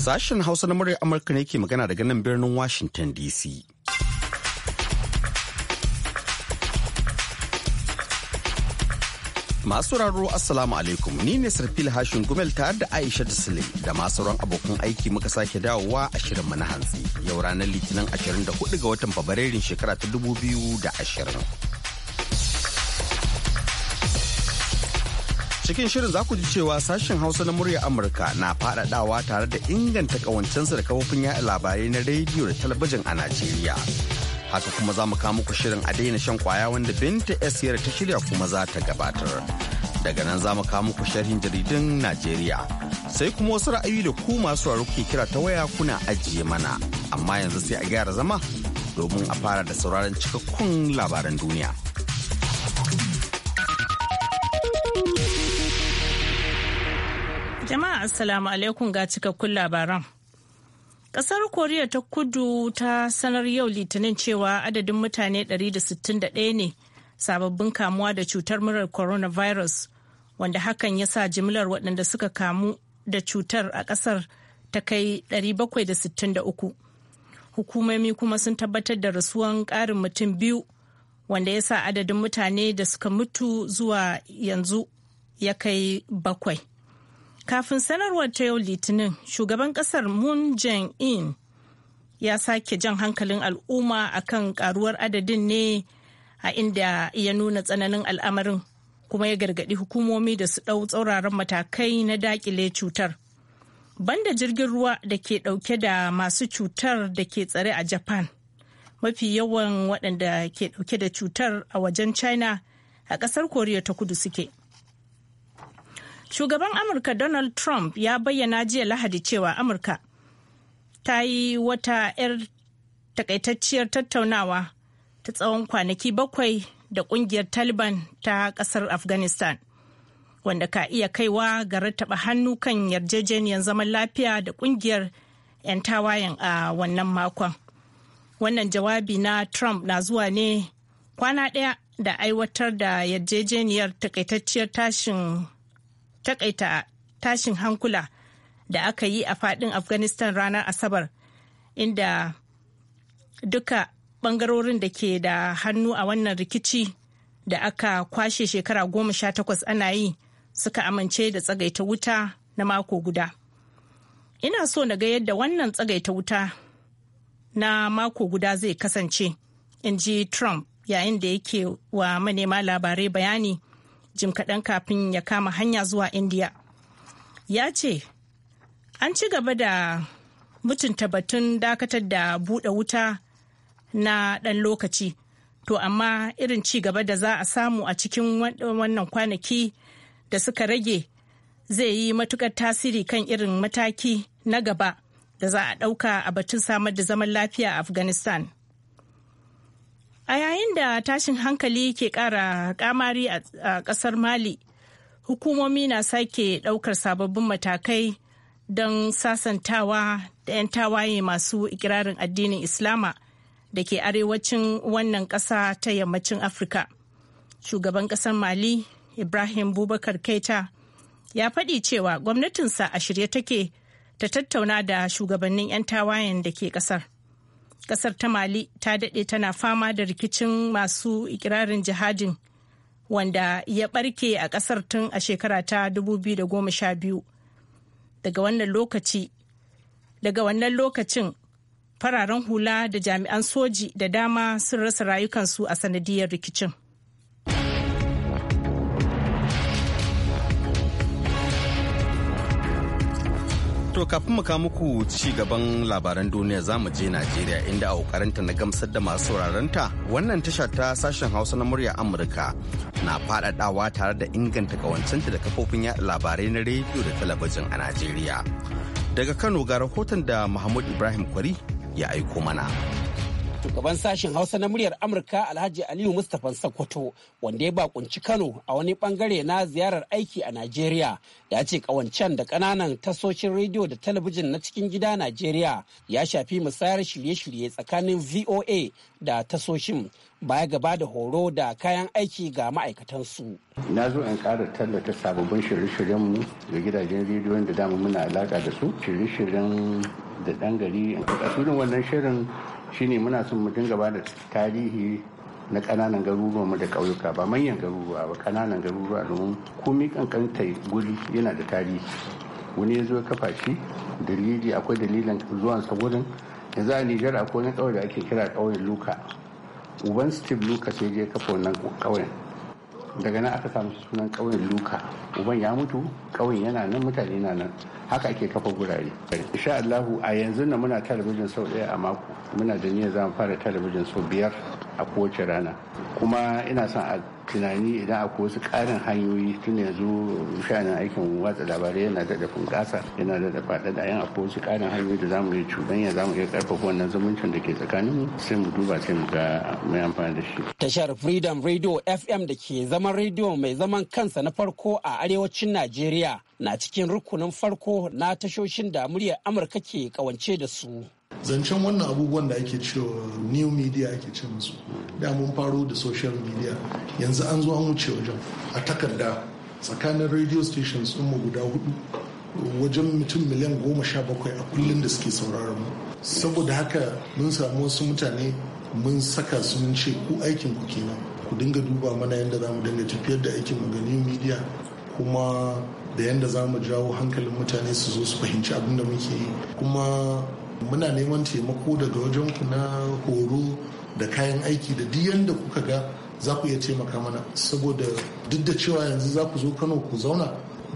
Sashen Hausa na muryar Amurka ne ke magana daga nan birnin Washington DC. Masu raro Assalamu alaikum ni ne Sarfil Hashin Gumel tare da Aisha Sule da masu ran abokan aiki muka sake dawowa a shirin mana hantsi yau ranar Litinin 24 ga watan Fabrairun shekara ta 2020. cikin shirin za ku ji cewa sashen hausa na murya amurka na faɗaɗawa tare da inganta ƙawancensa da kafofin yaɗa labarai na rediyo da talabijin a najeriya haka kuma za mu kawo muku shirin a daina shan kwaya wanda binta esiyar ta shirya kuma za ta gabatar daga nan za mu kawo muku sharhin jaridun najeriya sai kuma wasu ra'ayi da ku masu raro ke kira ta waya kuna ajiye mana amma yanzu sai a gyara zama domin a fara da sauraron cikakkun labaran duniya. Jama'a Assalamu alaikum ga cikakkun labaran. Kasar Koriya ta kudu ta sanar yau litinin cewa adadin mutane 161 ne sababbin kamuwa da cutar murar coronavirus wanda hakan ya sa jimlar waɗanda suka kamu da cutar a ƙasar ta kai 763. Hukumomi kuma sun tabbatar da rasuwan ƙarin mutum biyu wanda ya sa adadin mutane da suka mutu zuwa yanzu ya kai bakwai. kafin sanarwar ta yau litinin shugaban kasar moon jae-in ya sake jan hankalin al'umma akan karuwar adadin ne a inda ya nuna tsananin al'amarin kuma ya gargaɗi hukumomi da su ɗau tsauraran matakai na dakile cutar banda jirgin ruwa da ke ɗauke da masu cutar da ke tsare a japan mafi yawan waɗanda ke ɗauke da cutar a wajen china a ƙasar koriya ta kudu suke Shugaban Amurka Donald Trump ya bayyana jiya Lahadi cewa Amurka ta yi wata 'yar takaitacciyar tattaunawa ta tsawon kwanaki bakwai da ƙungiyar Taliban ta ƙasar Afghanistan. wanda ka iya kaiwa ga rattaba hannu kan yarjejeniyar zaman lafiya da ƙungiyar 'yan tawayen a wannan makon. Wannan jawabi na Trump na zuwa ne kwana ɗaya da aiwatar da yarjejeniyar takaitacciyar tashin takaita tashin hankula da aka yi a fadin afghanistan ranar asabar inda duka bangarorin da ke da hannu a wannan rikici da aka kwashe shekara goma sha takwas ana yi suka amince da tsagaita wuta na mako guda ina so na ga yadda wannan tsagaita wuta na mako guda zai kasance in ji trump yayin da yake wa manema labarai bayani jim kaɗan kafin ya kama hanya zuwa indiya ya ce an ci gaba da mutunta batun dakatar da buɗe wuta na ɗan lokaci to amma irin ci gaba da za a samu a cikin wannan kwanaki da suka rage zai yi matukar tasiri kan irin mataki na gaba da za a ɗauka a batun samar da zaman lafiya a afghanistan a yayin da tashin hankali ke kara kamari a kasar mali hukumomi na sake ɗaukar sababbin matakai don sasantawa da 'yan tawaye masu ikirarin addinin islama da ke arewacin wannan ƙasa ta yammacin afirka shugaban ƙasar mali ibrahim bubakar keita ya faɗi cewa gwamnatinsa a shirye take ta tattauna da shugabannin 'yan tawayen da ke ƙasar. kasar ta mali ta daɗe tana fama da rikicin masu ikirarin jihadin wanda ya ɓarke a ƙasar tun a shekara ta 2012 daga wannan lokaci daga wannan lokacin fararen hula da jami'an soji da dama sun rasa rayukansu a sanadiyar rikicin To kafin mu kawo muku ci gaban labaran duniya za mu je Najeriya inda a kokarinta na gamsar da masu ta. wannan tasha ta sashen Hausa na murya Amurka na faɗaɗawa tare da inganta kawancinta da kafofin yaɗa labarai na rediyo da talabijin a Najeriya. Daga Kano ga rahoton da Mahmud Ibrahim Kwari ya aiko mana. shugaban sashen hausa na muryar amurka alhaji aliyu mustapha sokoto wanda ya bakunci kano a wani bangare na ziyarar aiki a nigeria ya ce kawancen da kananan tasoshin rediyo da talabijin na cikin gida nigeria ya shafi musayar shirye-shirye tsakanin voa da tasoshin baya gaba da horo da kayan aiki ga ma'aikatansu. na zo in kara tallata sababbin shirye-shiryenmu ga gidajen rediyon da dama muna alaka da su shirye-shiryen da dangari gari a wannan shirin shine muna son mu dinga ba da tarihi na kananan garuruwa mu da ƙauyuka ba manyan garuruwa ba kananan garuruwa domin komi kankanta guri yana da tarihi wani ya zo ya kafa shi dalili akwai dalilin zuwan gurin yanzu a nijar akwai wani ƙauye da ake kira ƙauyen luka uban steve luka sai je kafa wannan ƙauyen daga nan aka samu sunan ƙauyen luka uban ya mutu ƙauyen yana nan mutane na nan haka ake kafa gurare insha Allahu a yanzu na muna talabijin sau ɗaya a mako muna da niyyar za mu fara talabijin sau biyar a kowace rana kuma ina son a tunani idan akwai wasu karin hanyoyi tun yanzu shanin aikin watsa labarai yana da dafin bunƙasa yana daɗa faɗaɗa yan akwai wasu karin hanyoyi da zamu yi cuɗanya zamu iya karfafa wannan zumuncin da ke mu sai mu duba sai mu ga mai amfani da shi. Tashar Freedom Radio FM da ke zaman radio mai zaman kansa na farko a arewacin Najeriya na cikin rukunin farko na tashoshin da muryar Amurka ke kawance da su. zancen wannan abubuwan da ake cewa new media ake ce musu da mun faro da social media yanzu an zo an wuce wajen a takarda tsakanin radio stations mu guda hudu wajen mutum miliyan goma sha bakwai a kullum da suke sauraron mu saboda haka mun samu wasu mutane mun saka su mun ce ku aikin ku kenan ku dinga duba mana yadda za mu dinga tafiyar da aikin mu ga new media kuma da yadda za mu jawo hankalin mutane su zo su fahimci abin da muke yi kuma muna neman taimako daga wajen ku na horo da kayan aiki da duk kuka ga za ku iya taimaka mana saboda duk da cewa yanzu za ku zo kano ku zauna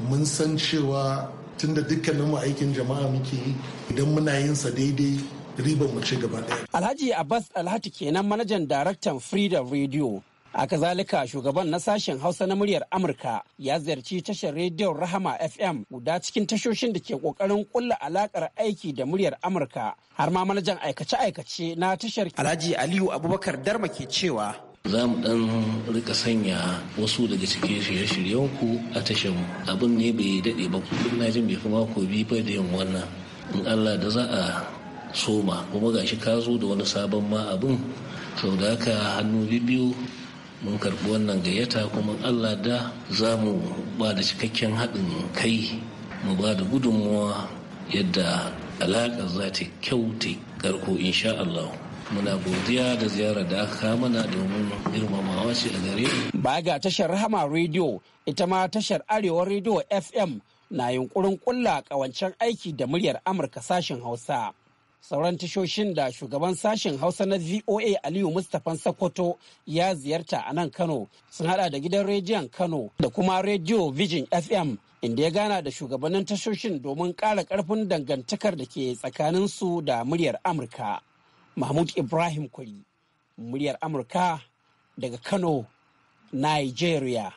mun san cewa tunda dukkanin mu aikin jama'a muke yi idan muna yin sa daidai ribar mu ci gaba daya alhaji abbas alhaji kenan manajan daraktan freedom radio A kazalika shugaban na sashen Hausa na muryar Amurka ya ziyarci tashar rediyon Rahama FM guda cikin tashoshin da ke ƙoƙarin ƙulla alakar aiki da muryar Amurka har ma manajan aikace-aikace na tashar Alhaji Aliyu Abubakar Darma ke cewa za mu dan rika sanya wasu daga cikin shirye-shiryenku a tashar abin ne bai daɗe ba na jin bai fi mako biyu ba da yin wannan in Allah da za a soma kuma gashi ka zo da wani sabon ma abin sau da haka hannu biyu mun karɓi wannan gayyata kuma allah da za mu ba da cikakken haɗin kai mu ba da gudunmuwa yadda alaƙar za ta kyau ta karko insha allah muna godiya da ziyarar da aka mana domin girmamawa ce a gare baya ga tashar rahama rediyo ita ma tashar arewa rediyo fm na yunkurin kulla kawancen aiki da muryar amurka sashen hausa sauran tashoshin da shugaban sashen hausa na voa aliyu mustapha Sakoto ya ziyarta a nan kano sun hada da gidan rediyon kano da kuma rediyo vision fm inda ya gana da shugabannin tashoshin domin ƙara ƙarfin dangantakar da ke tsakaninsu da muryar amurka mahmud ibrahim kuri muryar amurka daga kano nigeria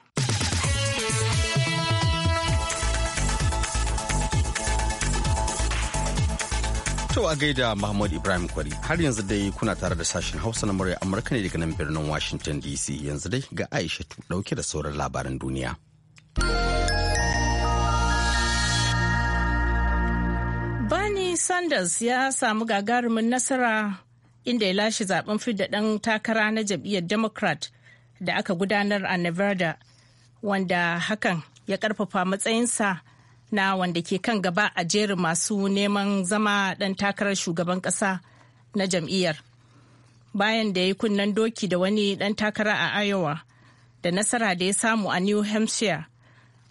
To a gaida muhammad Ibrahim Kwari har yanzu dai kuna tare da sashen Hausa na murya Amurka ne daga nan birnin Washington DC yanzu dai ga Aisha dauke da sauran labaran duniya. Bernie Sanders ya samu gagarumin nasara inda ya lashe zaben fidda ɗan takara na jam'iyyar Democrat da aka gudanar a Nevada wanda hakan ya ƙarfafa matsayinsa. na wanda ke kan gaba a jerin masu neman zama ɗan takarar shugaban ƙasa na jam'iyyar bayan da ya yi kunnen doki da wani ɗan takara a iowa da nasara da ya samu a new hampshire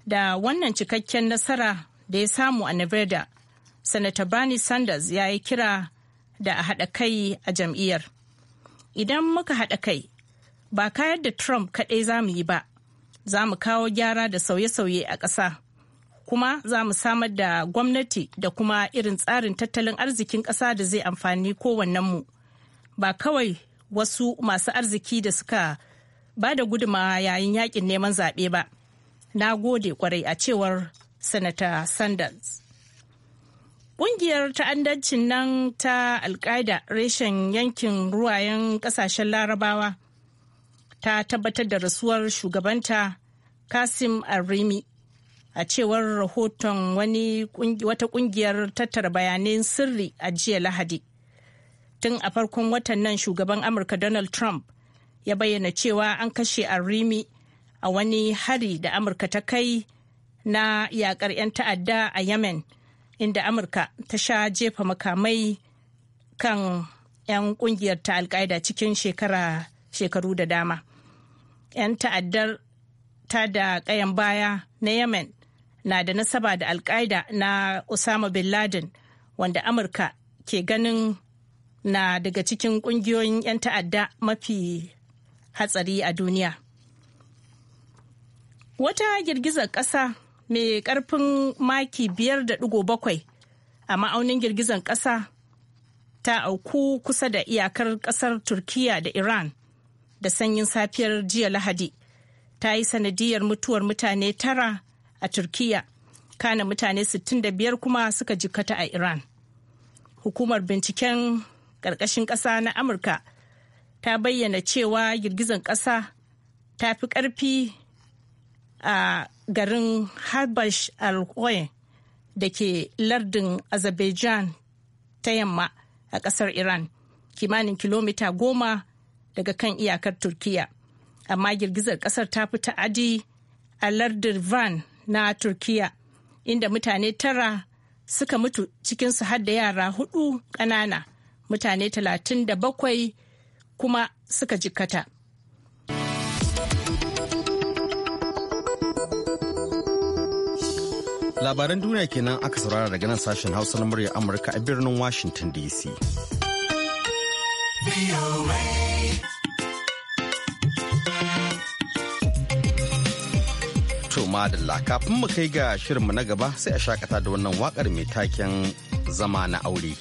da wannan cikakken nasara da ya samu a nevada sanata bernie sanders ya yi kira da a haɗa kai a jam'iyyar idan muka haɗa kai ba kayar da trump kaɗai za mu yi ba za mu kawo gyara da sauye-sauye a ƙasa kuma za mu samar da gwamnati da kuma irin tsarin tattalin arzikin ƙasa da zai amfani mu, ba kawai wasu masu arziki da suka ba da guduma yayin yakin neman zaɓe ba na gode kwarai a cewar sanata sanders Ƙungiyar ta'addancin nan ta alkaida reshen yankin ruwayen ƙasashen larabawa ta tabbatar da rasuwar shugabanta kasim arimi a cewar rahoton wani wata kungiyar tattara bayanan sirri a jiya lahadi tun a farkon watan nan shugaban amurka donald trump ya bayyana cewa an kashe arrimi a wani hari da amurka ta kai na yakar 'yan ta'adda a yemen inda amurka ta sha jefa makamai kan 'yan kungiyar ta alkaida cikin shekara shekaru da dama 'yan ta'addar ta da kayan baya na yemen na da nasaba da alkaida na Osama bin Laden wanda Amurka ke ganin na daga cikin kungiyoyin 'yan ta'adda mafi hatsari a duniya. Wata girgizar ƙasa mai ƙarfin maki biyar da bakwai a ma'aunin girgizar ƙasa ta auku kusa da iyakar ƙasar Turkiya da Iran da sanyin safiyar jiya Lahadi ta yi sanadiyar mutuwar mutane tara a turkiya kana mutane 65 kuma suka jikata a iran hukumar binciken ƙarƙashin ƙasa na amurka ta bayyana cewa girgizan ƙasa ta fi ƙarfi a garin harbash al da ke lardin azerbaijan ta yamma a ƙasar iran kimanin kilomita goma daga kan iyakar turkiya amma girgizar ƙasar ta fi ta'adi a lardin van na turkiya inda mutane tara suka mutu cikinsu har da yara hudu ƙanana mutane talatin da bakwai kuma suka jikkata. labaran duniya kenan aka saurara daga nan sashen hausa na murya amurka a birnin washington dc. madalla kafin mu kai ga shirinmu na gaba sai a shakata da wannan waƙar mai taken zama na aure.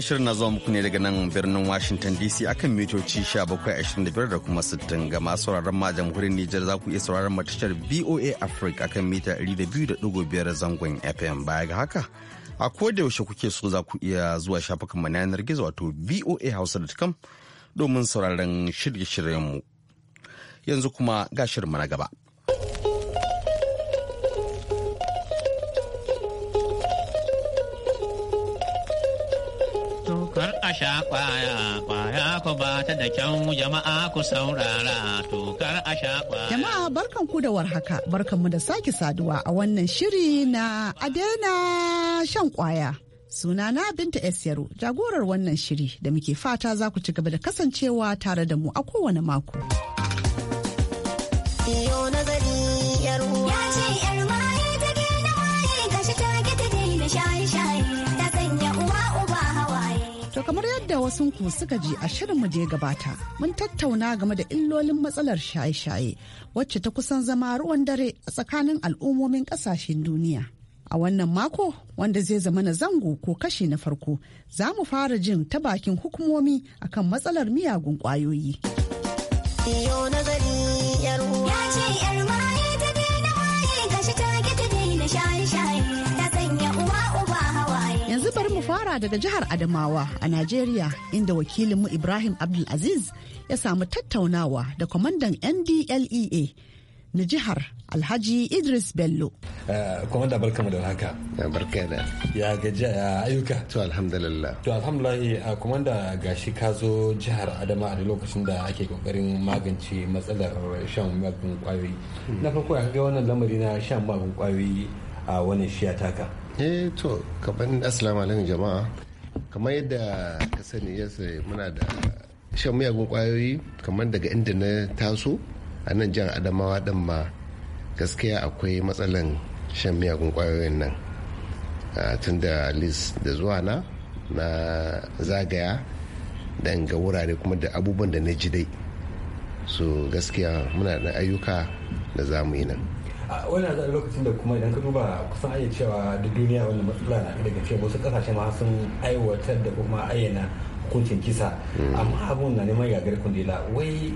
Wannan shirin na zuwa muku ne daga nan birnin Washington DC akan mitoci 1725 da kuma 60 ga masu sauraron ma jamhuriyar Nijar za ku iya sauraron matashar BOA Africa akan mita 200.5 zangon FM baya ga haka. A koda yaushe kuke so za ku iya zuwa shafukan na yanar gizo wato boahouse.com domin sauraron shirye-shiryenmu. Yanzu kuma ga shirin na gaba. kar a sha kwaya kwaya ku ba ta da kyau jama'a ku saurara to kar a sha kwaya. Jama'a barkan ku da warhaka barkan mu da sake saduwa a wannan shiri na adena shan kwaya. na Binta S. Yaro jagorar wannan shiri da muke fata za ku ci gaba da kasancewa tare da mu a kowane mako. To kamar yadda wasu ku suka ji a shirinmu da gabata, mun tattauna game da illolin matsalar shaye-shaye wacce ta kusan zama ruwan dare a tsakanin al'ummomin ƙasashen duniya. A wannan mako wanda zai zama na zango ko kashi na farko, za mu fara jin ta bakin hukumomi akan matsalar miyagun ƙwayoyi. fara daga jihar Adamawa a Najeriya inda wakilinmu Ibrahim Abdulaziz ya samu tattaunawa da kwamandan NDLEA na jihar Alhaji Idris Bello. Eh, kwamanda barka mu da haka. Ya barka da. Ya gaji a ayyuka. To alhamdulillah. To alhamdulillah eh, kwamanda gashi ka zo jihar Adama a lokacin da ake kokarin magance matsalar shan magun kwayoyi. Hmm. Na farko ya ga wannan lamari na shan magun kwayoyi a wannan shiya taka. eh to kaman assalamu alaikum jama'a kamar yadda ka sani yasa eh, muna da shan miyagun kwayoyi kamar daga inda na taso a nan jan adamawa din ma gaskiya akwai matsalan shan miyagun kwayoyin nan tun da lis da zuwa na na zagaya dan ga wurare kuma da abubuwan da na ji dai so gaskiya muna da ayyuka da za yi nan wannan zan lokacin da kuma idan ka duba kusan ayyar cewa da duniya wannan matsala na daga cewa wasu kasashe ma sun aiwatar da kuma ayyana hukuncin kisa hmm. amma abun na neman gagar kundila wai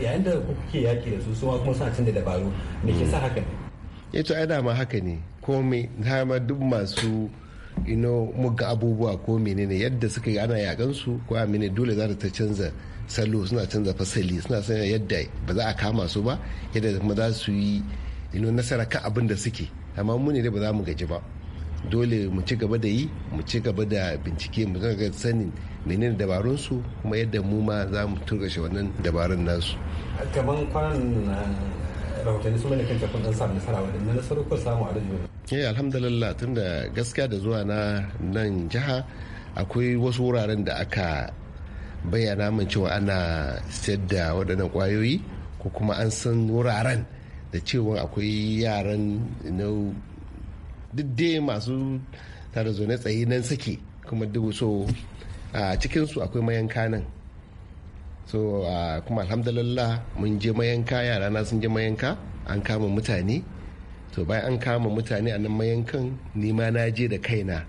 yayin da kuke yaƙi da su su kuma suna canza dabaru me ke sa haka ne ce eh ai dama haka ne ko me dama duk masu ino muga abubuwa ko menene yadda suka yi ana yakan su ko a dole za ta canza salo suna canza fasali suna sanya yadda ba za a kama su ba yadda kuma za su yi nasara kan abin da suke amma mu ne ba za mu gaji ba dole mu ci gaba da yi mu ci gaba da bincike mu ga sanin menene dabarun su kuma yadda mu ma za mu turga shi wannan dabarun nasu kaman kwanan eh, rahotanni sun kan kun dan samu nasara dinna nasarar ko samu a rajin eh alhamdulillah tunda gaskiya da zuwa na nan jiha akwai wasu wuraren da aka bayyana mun cewa ana sayar da waɗannan ƙwayoyi ko kuma an san wuraren da cewa akwai yaran dai masu tare zaune tsaye nan sake kuma duk so a cikinsu akwai mayanka nan so kuma alhamdulillah mun je mayanka yara na sun je mayanka an kama mutane to bayan an kama mutane a nan mayankan nima na je da kaina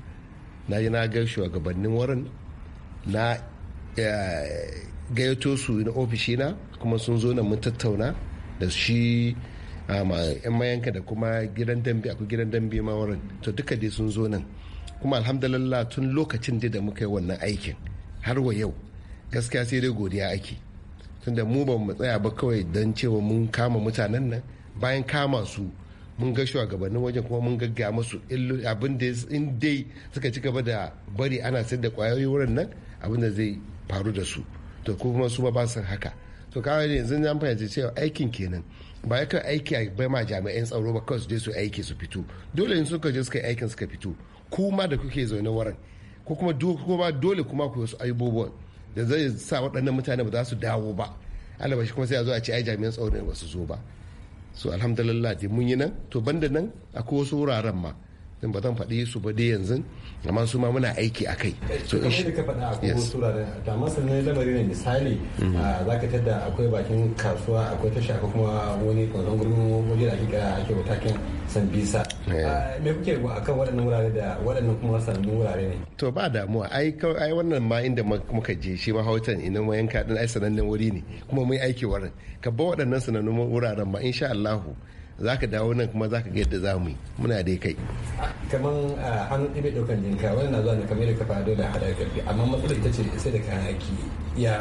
na je na ga shugabannin wurin na gayyato su na ofishina kuma sun zo na mun tattauna da shi yan mayanka da kuma gidan dambe akwai gidan dambe ma wurin to duka dai sun zo nan kuma alhamdulillah tun lokacin dai da muka yi wannan aikin har wa yau gaskiya sai dai godiya ake tun da mu ba mu tsaya ba kawai don cewa mun kama mutanen nan bayan kama su mun ga shugabannin wajen kuma mun gagga musu abin da in dai suka ci gaba da bari ana sayar da kwayoyi wurin nan abin da zai faru da su to ko kuma su ba san haka to kawai yanzu na fahimci cewa aikin kenan ba ya kan aiki a bai ma jami'an tsaro ba kawai su je su aiki su fito dole in suka je suka aikin suka fito kuma da kuke zaune waran ko kuma dole kuma ku wasu abubuwan da zai sa waɗannan mutane ba za su dawo ba alaba shi kuma sai a zo a ce ai jami'an tsaro ne ba su zo ba so alhamdulillah dai mun yi nan to banda nan akwai wasu wuraren ma din ba zan faɗi su ba dai yanzu amma su ma muna aiki a kai so in shi ka faɗa akwai wasu da masanin lamari ne misali mm. za ka tada akwai bakin kasuwa akwai tashi akwai kuma wani kwanzon gurbin waje da ake a ake watakin sambisa me kuke a kan waɗannan wurare da waɗannan kuma sanannun wurare ne to ba damuwa ai ai wannan ma inda muka je shi ma hautan ina ma yanka din ai sanannen wuri ne kuma mun aiki wurin ka ba waɗannan sanannun wuraren ma insha Allah za ka dawo nan kuma za ka ga yadda za mu yi muna dai kai kamar an ɗibe ɗaukan jinka wani na zuwa ne kamar yadda ka fara dole haɗar karfi amma matsalar ita ce sai da kayan aiki ya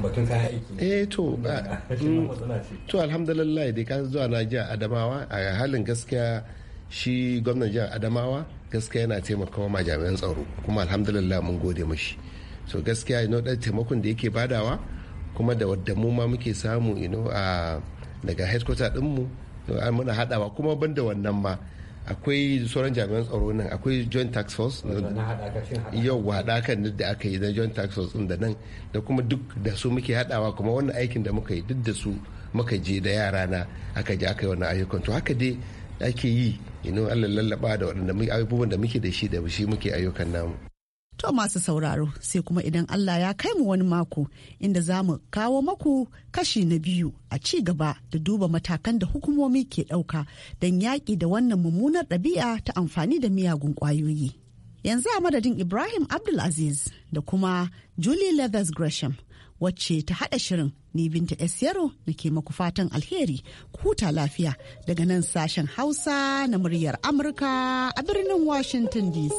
batun kayan aiki eh to mm, to alhamdulillah dai ka zuwa na jiya adamawa a halin gaskiya shi gwamnan jihar adamawa gaskiya yana taimakawa ma jami'an tsaro kuma alhamdulillah mun gode mashi so gaskiya ino ɗan taimakon da yake badawa kuma da wadda mu ma muke samu ino a daga headquarter ɗinmu mu muna hadawa kuma banda wannan ma akwai sauran jami'an tsaro nan akwai joint tax force yau haɗakan da aka yi na joint tax force da nan da kuma duk da su muke haɗawa kuma wannan aikin da muka yi duk da su muka je da yara na aka je aka yi wannan ayyukan to haka dai ake yi ino allah lallaba da waɗanda abubuwan da muke da shi da shi muke ayyukan namu To masu sauraro sai kuma idan Allah ya kai mu wani mako inda za mu kawo maku kashi na biyu a ci gaba da duba matakan da hukumomi ke ɗauka don yaƙi da wannan mummunar ɗabi'a ta amfani da miyagun ƙwayoyi. Yanzu a madadin Ibrahim Abdulaziz da kuma Julie Leathers Gresham wacce ta haɗa shirin ni binta Esiyaro na ke maku fatan alheri kuta lafiya daga nan sashen Hausa na muryar Amurka a birnin Washington DC.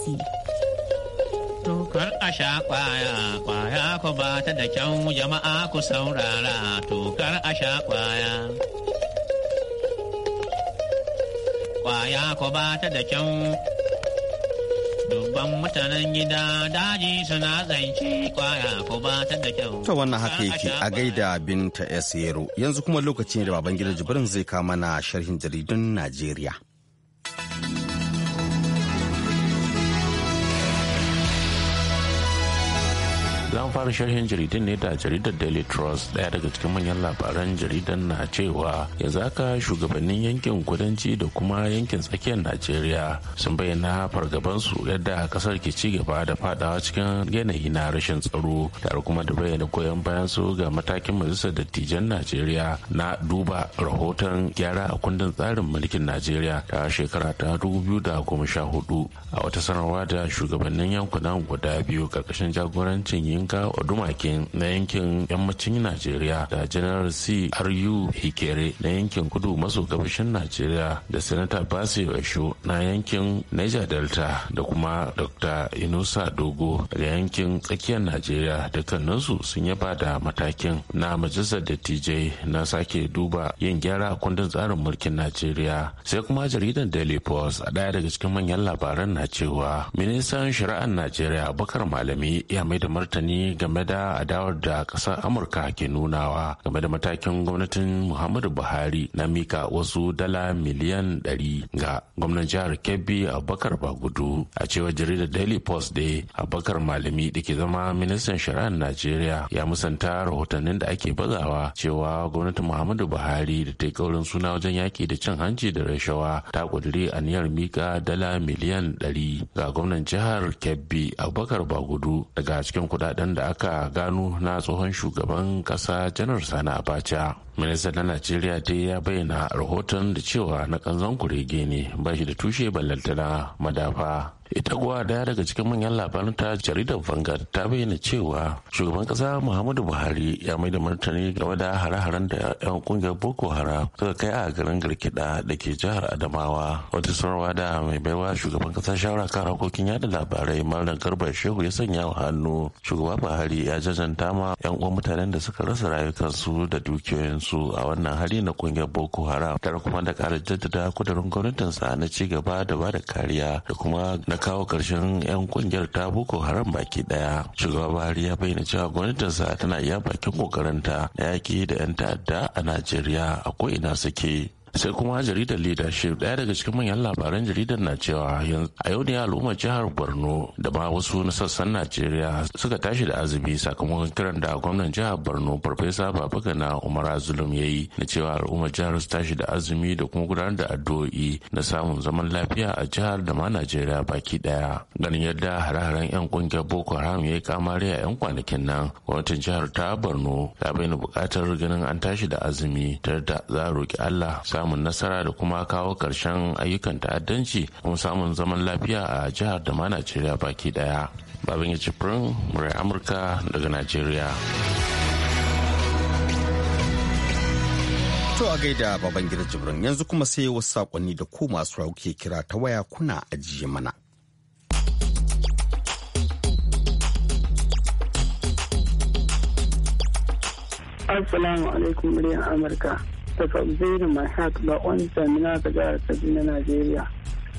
kar a sha kwaya kwaya ku ba ta da kyau jama'a ku saurara to kar a sha kwaya kwaya ku ba ta da kyau dubban mutanen gida daji suna zance kwaya ko ba ta da kyau. Ta wannan haka yake a gaida binta S. Yero yanzu kuma lokacin da baban gida jibrin zai kama na sharhin jaridun Najeriya. za mu fara sharhin jaridun ne da jaridar daily trust daya daga cikin manyan labaran jaridar na cewa ya zaka shugabannin yankin kudanci da kuma yankin tsakiyar najeriya sun bayyana fargabansu yadda kasar ke ci gaba da fadawa cikin yanayi na rashin tsaro tare kuma da bayyana goyon bayan su ga matakin majalisar dattijan najeriya na duba rahoton gyara a kundin tsarin mulkin najeriya ta shekara ta hudu a wata sanarwa da shugabannin yankunan guda biyu karkashin jagorancin yinka odumakin na yankin yammacin najeriya da general c ru hikere na yankin kudu maso gabashin najeriya da senator basi osho na yankin niger delta da kuma dr inusa dogo daga yankin tsakiyar najeriya da dukkaninsu sun yaba da matakin na majalisar dattijai na sake duba yin gyara kundin tsarin mulkin najeriya sai kuma jaridan daily post a daya daga cikin manyan labaran na cewa ministan shari'ar najeriya bakar malami ya mai da martani tunani game da adawar da ƙasar amurka ke nunawa game da matakin gwamnatin muhammadu buhari na mika wasu dala miliyan 100 ga gwamnan jihar kebbi a abubakar bagudu a cewar jaridar daily post day Bakar malami da ke zama ministan shari'ar najeriya ya musanta rahotannin da ake bazawa cewa gwamnatin muhammadu buhari da ta yi kaurin suna wajen yaki da cin hanci da rashawa ta ƙudiri aniyar mika dala miliyan 100 ga gwamnan jihar kebbi a abubakar bagudu daga cikin kudaden kudaden da aka gano na tsohon shugaban kasa janar sani abacha ministan na najeriya yi ya bayyana rahoton da cewa na kanzon kurege ne ba shi da tushe na madafa ita kuwa daya daga cikin manyan labaran ta jaridar vangard ta bayyana cewa shugaban kasa muhammadu buhari ya mai da martani game da hare-haren da yan kungiyar boko haram suka kai a garin garkida da ke jihar adamawa wata sanarwa da mai baiwa shugaban kasa shawara kan harkokin yada labarai malam garba shehu ya sanya wa hannu shugaba buhari ya jajanta ma yan uwan mutanen da suka rasa rayukansu da dukiyoyinsu su a wannan hali na kungiyar boko haram tare kuma da kara jaddada kudurin sa na ci gaba da ba da kariya da kuma na kawo karshen 'yan kungiyar ta boko haram baki daya shugaba buhari ya bayyana cewa gwamnatin sa tana iya bakin kokarinta na yaki da 'yan ta'adda a najeriya a ko'ina suke sai kuma jaridar leadership daya daga cikin manyan labaran jaridar na cewa a yau ne al'ummar jihar borno da ma wasu na sassan najeriya suka tashi da azumi sakamakon kiran da gwamnan jihar borno farfesa babagana umar azulum ya yi na cewa al'ummar jihar su tashi da azumi da kuma gudanar da addu'o'i na samun zaman lafiya a jihar da ma najeriya baki daya ganin yadda hare-haren yan kungiyar boko haram ya yi kamari a yan kwanakin nan gwamnatin jihar ta borno ta bayyana bukatar ganin an tashi da azumi tare da za a roki allah samun samun nasara da kuma kawo ƙarshen ayyukan ta'addanci kuma samun zaman lafiya a jihar da ma najeriya baki daya babin ya cifirin murai amurka daga najeriya to a gaida baban gida jibrin yanzu kuma sai wasu sakonni da ku masu rauke kira ta waya kuna ajiye mana Assalamu alaikum muryar Amurka. Mustapha Zaidu Mai Haq ba wani na ga jihar Najeriya.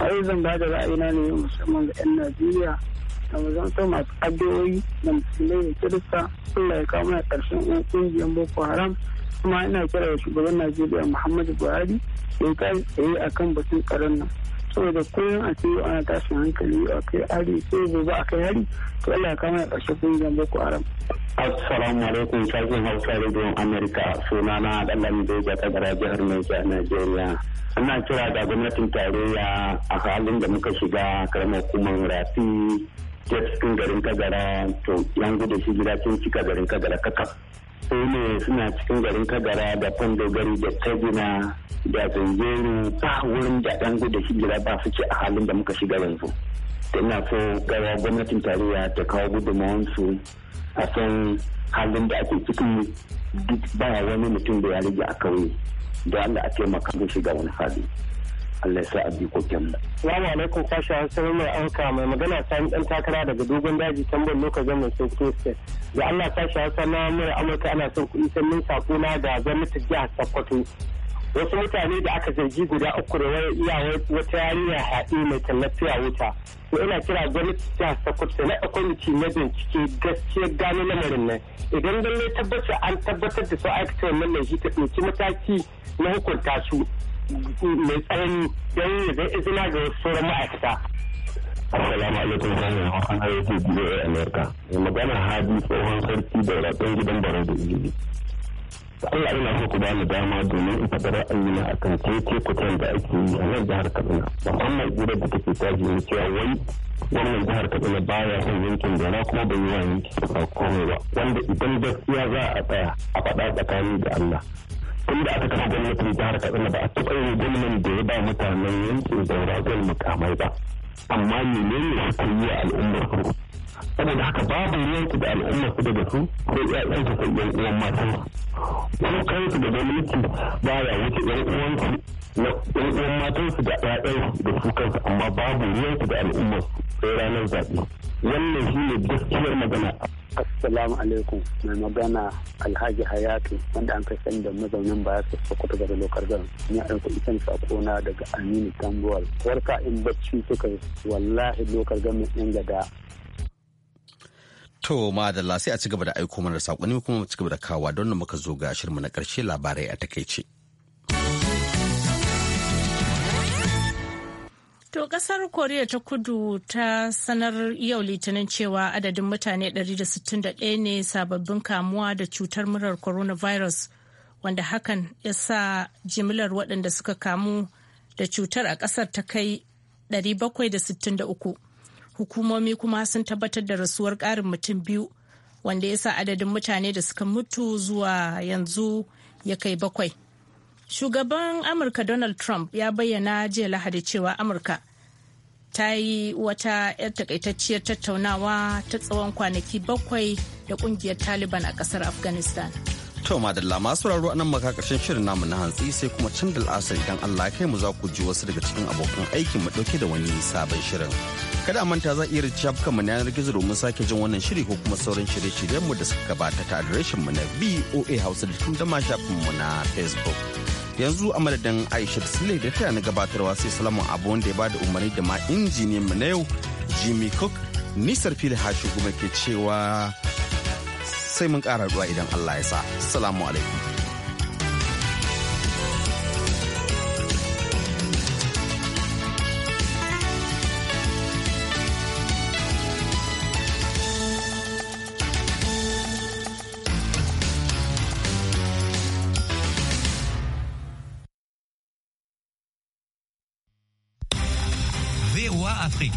A zan ba da ra'ayina ne musamman ga 'yan Najeriya da mu zanto masu addu'o'i da musulmai da kirista Allah ya kawo mana karshen ƙungiyar Boko Haram kuma ina kira da shugaban Najeriya Muhammadu Buhari ya yi tsaye akan batun tsaron nan. saboda kullum a ce ana tashin hankali a kai hari sai gobe a kai hari to Allah kama ya ƙarshe zan Boko Haram. Assalamu alaikum sashen Hausa Radio america suna na Ɗanɗan Doja ta gara jihar Niger Nigeria. Ana kira ga gwamnatin tarayya a halin da muka shiga karamar kuma rafi ke cikin garin Kagara to yan gudu shi gida cikin cika garin Kagara kakaf. su ne suna cikin garin kadara da fandogari da tagina da zanjeru ba wurin da ɗan gudun hijira ba su ce a halin da muka shiga yanzu da ina so gawa gwamnatin tarayya ta kawo gudunmawansu a san halin da ake ciki duk ba wani mutum da ya rage a kauye da Allah a taimaka zai shiga wani hali. Allah ya sa a jikokin mu. Salamu alaikum sashi sanar mai anka mai magana sami ɗan takara daga dogon daji tambar lokacin mai Sokoto State. Da Allah sashi Hausa na mura Amurka ana son kuɗi sannan sako na da gwamnatin jihar Sokoto. Wasu mutane da aka zargi guda uku da wani iya wata yarinya haɗe mai tallafiya wuta. Ko ina kira gwamnatin jihar Sokoto na kwamiti na bincike gaskiyar gano lamarin nan. Idan dai tabbata an tabbatar da su aikata wannan laifi ta ɗauki mataki na hukunta su. mai tsanani don ya zai izina ga wasu sauran ma'aikata. Assalamu alaikum jami'in Hausa na yau biyu a Amerika. Mai magana Hadi tsohon sarki da ratsan gidan Barau da Ijiji. Allah ina so ku bani dama domin in faɗi ra'ayina akan keke kutan da ake yi a nan jihar Kaduna. Muhammad Gida da take taji ne cewa wai wannan jihar Kaduna baya son yankin Gana kuma bai yi wa yankin komai ba. Wanda idan gaskiya za a tsaya a faɗa tsakani da Allah. tun da aka kafa gwamnatin jihar katsina ba a taɓa yin gwamnan da ya ba mutanen yankin da gwal mukamai ba amma menene suka yi al'ummar saboda haka babu ruwan ku da al'umma ku da su ko ƴaƴan ku ko ƴan uwan matan ku kai su da gwamnati ba ya wuce ƴan uwan ku na ƴan uwan matan su da ƴaƴan su da su kansu amma babu ruwan ku da al'umma sai ranar zaɓe wannan ne gaskiyar magana Assalamu alaikum mai magana Alhaji Hayatu wanda an kai sani da mazaunin baya su kuta daga lokar gan ya aiko isan na daga Aminu Tambuwal warka in bacci suka wallahi lokar gan mai gada To madalla sai a ci gaba da aiko mana saƙonni kuma ci gaba da kawa don muka zo ga shirmu na ƙarshe labarai a takaice. To ƙasar Koriya ta kudu ta sanar yau litinin cewa adadin mutane 161 ne sababbin kamuwa da cutar murar coronavirus wanda hakan ya sa jimilar waɗanda suka kamu da cutar a ƙasar ta kai 763. hukumomi kuma sun tabbatar da rasuwar ƙarin mutum biyu wanda ya sa adadin mutane da suka mutu zuwa yanzu ya kai bakwai shugaban amurka donald trump ya bayyana jiya lahadi cewa amurka ta yi wata 'yar takaitacciyar tattaunawa ta tsawon kwanaki bakwai da kungiyar taliban a kasar afghanistan To madalla masu raro nan maka shirin namu na hantsi sai kuma can da idan Allah ya kai mu za ku ji wasu daga cikin abokan aikin mu dauke da wani sabon shirin. kada manta za iya shafkan mu na yanar gizo domin sake jin wannan shiri ko kuma sauran shirye-shiryen mu da suka gabata ta adireshin mu na voa hausa da kuma dama shafin mu na facebook yanzu a madadin aisha sule da ta na gabatarwa sai salamun abu wanda ya ba da umarni da ma injiniyan mu na yau jimmy cook nisar fili hashi kuma ke cewa sai mun kara ruwa idan allah ya sa salamu alaikum